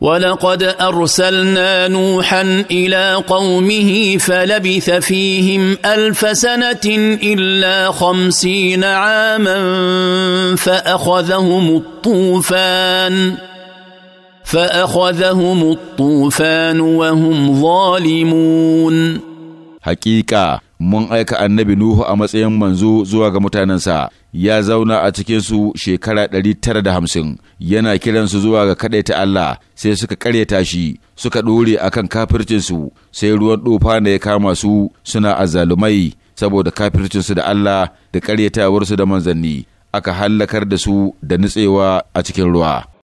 ولقد ارسلنا نوحا الى قومه فلبث فيهم الف سنه الا خمسين عاما فاخذهم الطوفان فاخذهم الطوفان وهم ظالمون Hakika mun aika annabi Nuhu a matsayin manzo zuwa ga mutanensa, ya zauna a cikinsu shekara ɗari tara da hamsin, yana kiransu zuwa ga kaɗaita Allah sai suka ƙaryata shi, suka ɗore a kan kafircinsu, sai ruwan ɗofa da ya kama su suna azzalumai saboda kafircinsu da Allah da ƙaryatawarsu da manzanni, aka hallakar da su da nutsewa a cikin ruwa.